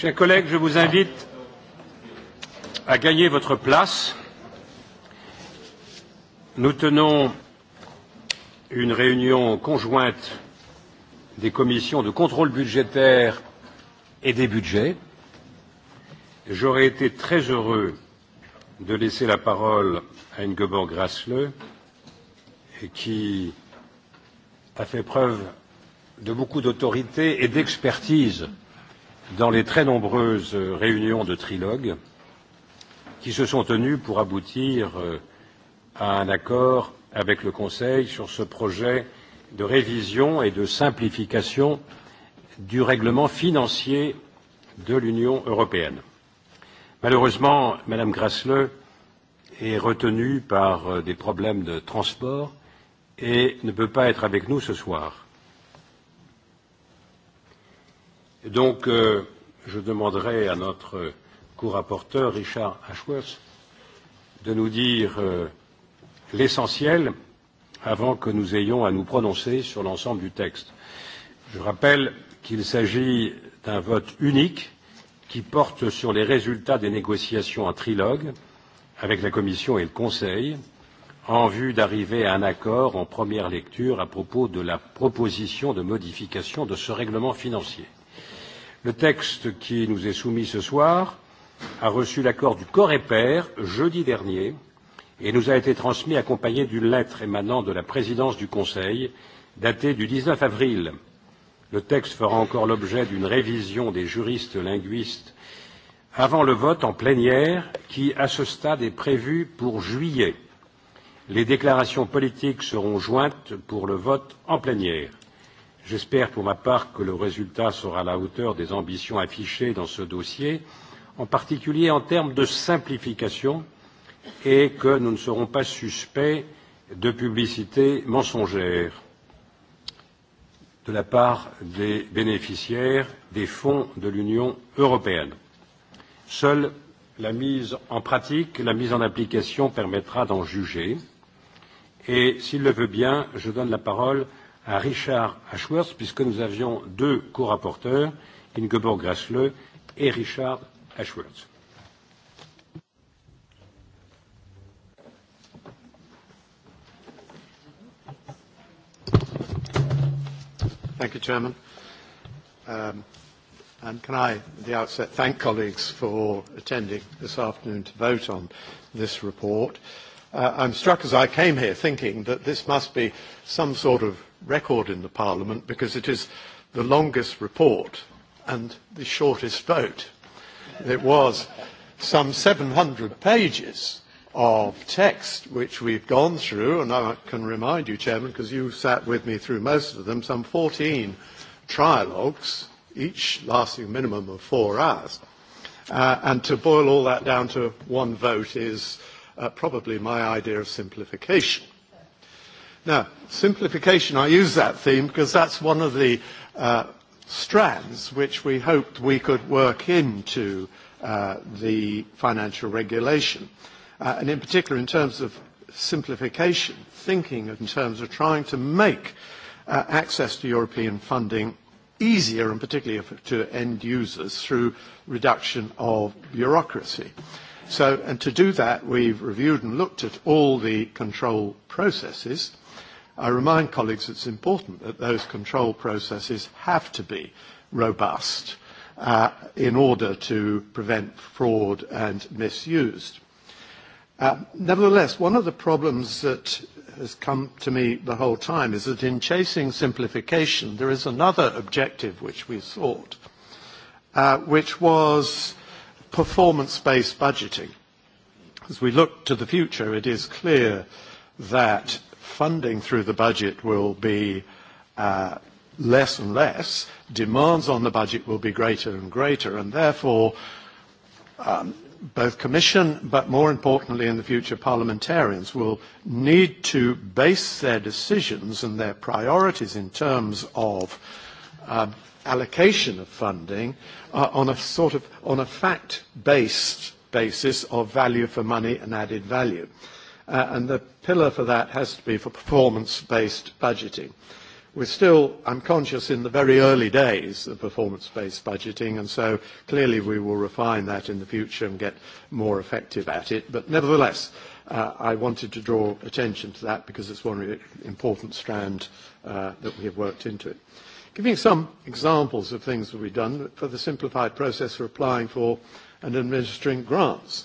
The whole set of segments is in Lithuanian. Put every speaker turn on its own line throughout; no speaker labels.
Chers collègues, je vous invite à gagner votre place. Nous tenons une réunion conjointe des commissions de contrôle budgétaire et des budgets. J'aurais été très heureux de laisser la parole à Ingeborg Grassle, qui a fait preuve de beaucoup d'autorité et d'expertise euh, dans les très nombreuses euh, réunions de trilogue qui se sont tenues pour aboutir euh, à un accord avec le Conseil sur ce projet de révision et de simplification du règlement financier de l'Union européenne. Malheureusement, Madame Grassle est retenue par euh, des problèmes de transport et ne peut pas être avec nous ce soir. Donc, euh, je demanderai à notre co-rapporteur, Richard Ashworth, de nous dire euh, l'essentiel avant que nous ayons à nous prononcer sur l'ensemble du texte. Je rappelle qu'il s'agit d'un vote unique qui porte sur les résultats des négociations en trilogue avec la Commission et le Conseil en vue d'arriver à un accord en première lecture à propos de la proposition de modification de ce règlement financier. Le texte qui nous est soumis ce soir a reçu l'accord du Coreper jeudi dernier et nous a été transmis accompagné d'une lettre émanant de la présidence du Conseil datée du 19 avril. Le texte fera encore l'objet d'une révision des juristes linguistes avant le vote en plénière qui, à ce stade, est prévu pour juillet. Les déclarations politiques seront jointes pour le vote en plénière. J'espère pour ma part que le résultat sera à la hauteur des ambitions affichées dans ce dossier, en particulier en termes de simplification, et que nous ne serons pas suspects de publicité mensongère de la part des bénéficiaires des fonds de l'Union européenne. Seule la mise en pratique, la mise en application permettra d'en juger. Et s'il le veut bien, je donne la parole à à Richard Ashworth, puisque nous avions deux co-rapporteurs, Ingeborg Grassle et Richard Ashworth.
Thank you, Chairman. Um, and can I, at the outset, thank colleagues for attending this afternoon to vote on this report uh, I'm struck as I came here thinking that this must be some sort of record in the Parliament because it is the longest report and the shortest vote. It was some 700 pages of text which we've gone through, and I can remind you, Chairman, because you sat with me through most of them, some 14 trialogues, each lasting a minimum of four hours. Uh, and to boil all that down to one vote is uh, uh, probably my idea of simplification. Now, simplification, I use that theme because that's one of the uh, strands which we hoped we could work into uh, the financial regulation. Uh, and in particular, in terms of simplification, thinking in terms of trying to make uh, access to European funding easier, and particularly to end users, through reduction of bureaucracy. So, and to do that, we've reviewed and looked at all the control processes. I remind colleagues it's important that those control processes have to be robust uh, in order to prevent fraud and misuse. Uh, nevertheless, one of the problems that has come to me the whole time is that in chasing simplification, there is another objective which we sought, uh, which was performance-based budgeting. As we look to the future, it is clear that funding through the budget will be uh, less and less, demands on the budget will be greater and greater, and therefore um, both Commission, but more importantly in the future parliamentarians, will need to base their decisions and their priorities in terms of uh, um, allocation of funding uh, on a sort of on a fact-based basis of value for money and added value. Uh, and the pillar for that has to be for performance-based budgeting. We're still, I'm conscious, in the very early days of performance-based budgeting, and so clearly we will refine that in the future and get more effective at it. But nevertheless, uh, I wanted to draw attention to that because it's one really important strand uh, that we have worked into it. Uh, giving some examples of things that we've done for the simplified process for applying for and administering grants,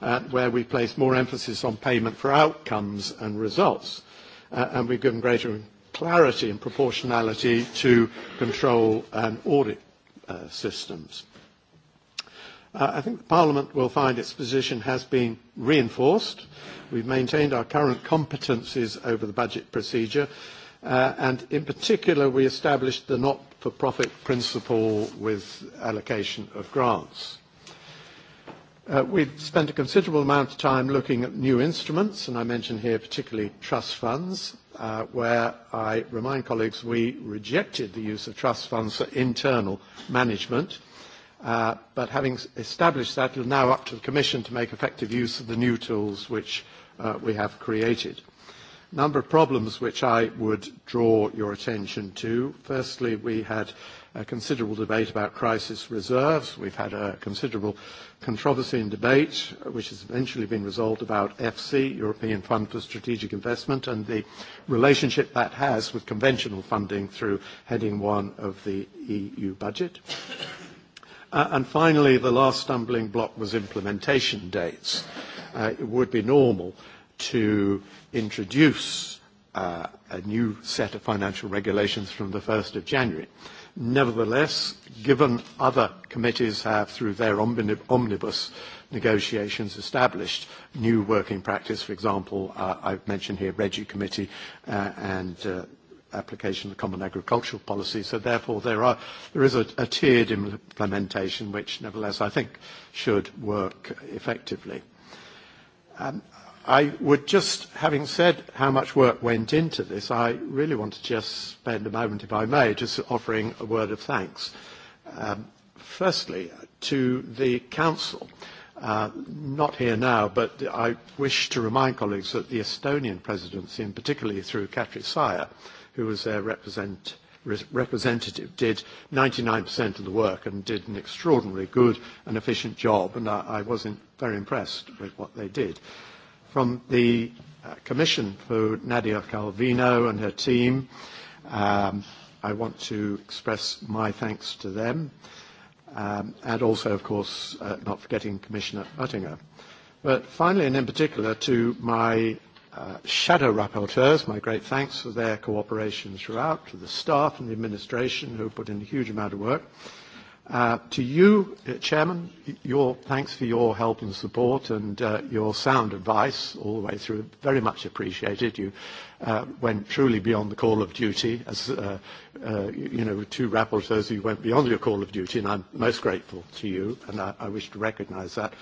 uh, where we place more emphasis on payment for outcomes and results. Uh, and we've given greater clarity and proportionality to control and audit uh, systems. Uh, I think Parliament will find its position has been reinforced. We've maintained our current competencies over the budget procedure, Uh, and in particular, we established the not-for-profit principle with allocation of grants. Uh, we've spent a considerable amount of time looking at new instruments, and I mention here particularly trust funds, uh, where I remind colleagues we rejected the use of trust funds for internal management. Uh, but having established that, it's now up to the Commission to make effective use of the new tools which uh, we have created number of problems which I would draw your attention to. Firstly, we had a considerable debate about crisis reserves. We've had a considerable controversy and debate, which has eventually been resolved about EFSI, European Fund for Strategic Investment, and the relationship that has with conventional funding through heading one of the EU budget. Uh, and finally, the last stumbling block was implementation dates. Uh, it would be normal to introduce uh, a new set of financial regulations from the 1st of January. Nevertheless, given other committees have, through their omnibus negotiations, established new working practice, for example, uh, I've mentioned here Regi Committee uh, and uh, application of the Common Agricultural Policy. So therefore, there, are, there is a, a tiered implementation, which nevertheless I think should work effectively. Um, I would just, having said how much work went into this, I really want to just spend a moment, if I may, just offering a word of thanks. Um, firstly, to the Council. Uh, not here now, but I wish to remind colleagues that the Estonian presidency, and particularly through Katri Saia, who was their represent, re- representative, did 99% of the work and did an extraordinarily good and efficient job, and I, I was in, very impressed with what they did. Uh, from the uh, Commission for Nadia Calvino and her team. Um, I want to express my thanks to them, um, and also, of course, uh, not forgetting Commissioner Oettinger. But finally, and in particular, to my uh, shadow rapporteurs, my great thanks for their cooperation throughout, to the staff and the administration who put in a huge amount of work. Uh, Uh, to you, uh, Chairman, your thanks for your help and support and uh, your sound advice all the way through. Very much appreciated. You uh, went truly beyond the call of duty. As uh, uh, you know, two rapporteurs who went beyond your call of duty, and I'm most grateful to you, and I, I wish to recognise that.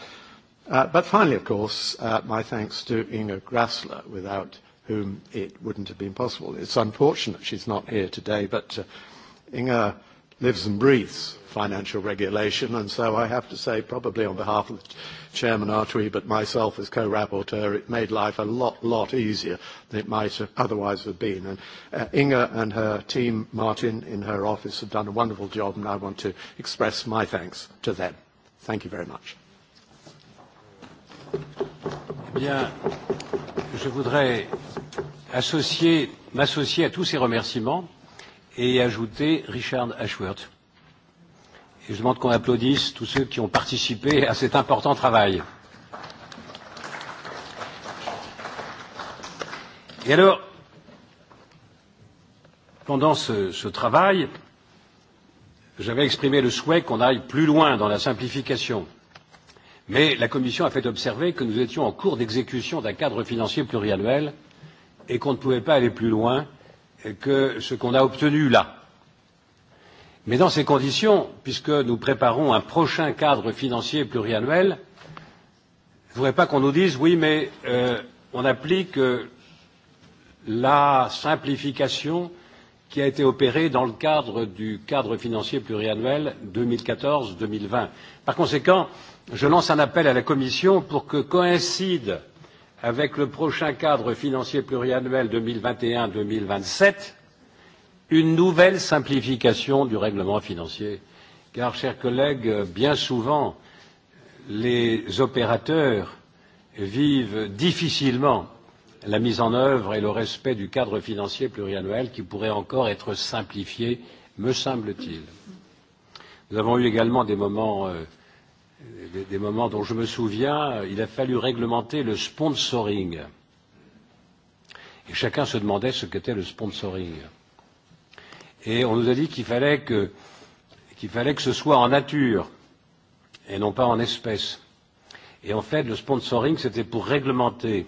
Uh, but finally, of course, uh, my thanks to Inga Grassler, without whom it wouldn't have been possible. It's unfortunate she's not here today, but uh, Inga lives and breathes financial regulation, and so I have to say, probably on behalf of Chairman Artui, but myself as co-rapporteur, it made life a lot, lot easier than it might have otherwise have been. And uh, Inga and her team, Martin, in her office, have done a wonderful job, and I want to express my thanks to them. Thank you very much.
Eh bien, je voudrais associer, m'associer à tous ces remerciements et ajouter Richard Ashworth. Et je demande qu'on applaudisse tous ceux qui ont participé à cet important travail. Et alors, pendant ce, ce travail, j'avais exprimé le souhait qu'on aille plus loin dans la simplification. Mais la Commission a fait observer que nous étions en cours d'exécution d'un cadre financier pluriannuel et qu'on ne pouvait pas aller plus loin euh, que ce qu'on a obtenu là. Mais dans ces conditions, puisque nous préparons un prochain cadre financier pluriannuel, je ne voudrais pas qu'on nous dise oui, mais euh, on applique euh, la simplification qui a été opérée dans le cadre du cadre financier pluriannuel 2014-2020. Par conséquent, je lance un appel à la Commission pour que coïncident avec le prochain cadre financier pluriannuel 2021-2027, une nouvelle simplification du règlement financier. Car, chers collègues, bien souvent, les opérateurs vivent difficilement la mise en œuvre et le respect du cadre financier pluriannuel qui pourrait encore être simplifié, me semble-t-il. Nous avons eu également des moments euh, des, des moments dont je me souviens, il a fallu réglementer le sponsoring. Et chacun se demandait ce qu'était le sponsoring. Et on nous a dit qu'il fallait que, qu'il fallait que ce soit en nature et non pas en espèces. Et en fait, le sponsoring, c'était pour réglementer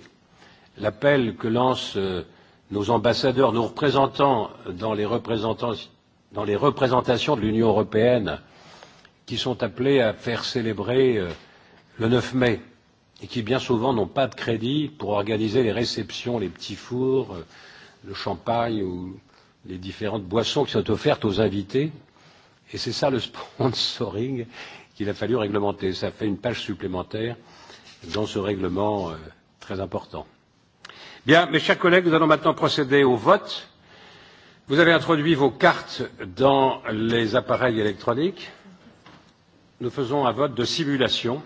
l'appel que lancent euh, nos ambassadeurs, nos représentants dans les, représentants, dans les représentations de l'Union européenne qui sont appelés à faire célébrer euh, le 9 mai et qui bien souvent n'ont pas de crédit pour organiser les réceptions, les petits fours, euh, le champagne ou les différentes boissons qui sont offertes aux invités. Et c'est ça le sponsoring qu'il a fallu réglementer. Ça fait une page supplémentaire dans ce règlement euh, très important. Bien, mes chers collègues, nous allons maintenant procéder au vote. Vous avez introduit vos cartes dans les appareils électroniques nous faisons un vote de simulation.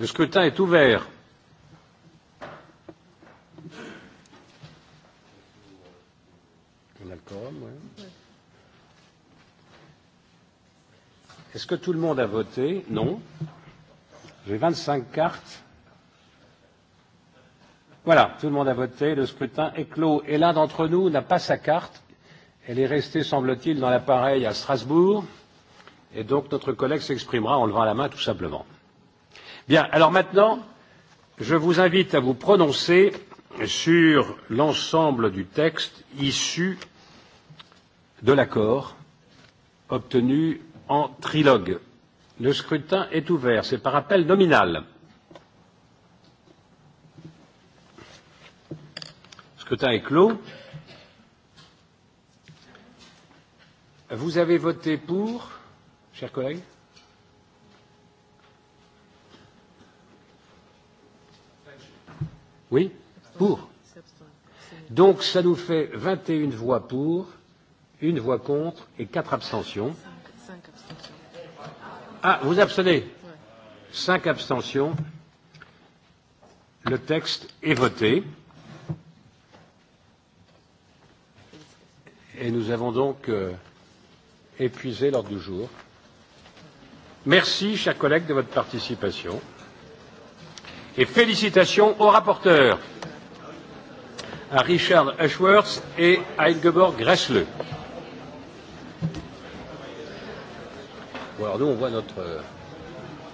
Le scrutin est ouvert. On a le quorum, ouais. Est-ce que tout le monde a voté Non. J'ai 25 cartes. Voilà, tout le monde a voté, le scrutin est clos. Et l'un d'entre nous n'a pas sa carte. Elle est restée, semble-t-il, dans l'appareil à Strasbourg. Et donc notre collègue s'exprimera en levant la main tout simplement. Bien, alors maintenant, je vous invite à vous prononcer sur l'ensemble du texte issu de l'accord obtenu en trilogue. Le scrutin est ouvert. C'est par appel nominal. Le scrutin est clos. Vous avez voté pour Chers collègues Oui Pour Donc ça nous fait 21 voix pour, une voix contre et quatre abstentions. Ah, vous abstenez Cinq abstentions. Le texte est voté. Et nous avons donc euh, épuisé l'ordre du jour. Merci, chers collègues, de votre participation et félicitations aux rapporteurs, à Richard Ashworth et à Ingeborg Gressle. Bon, alors nous, on voit notre. Euh,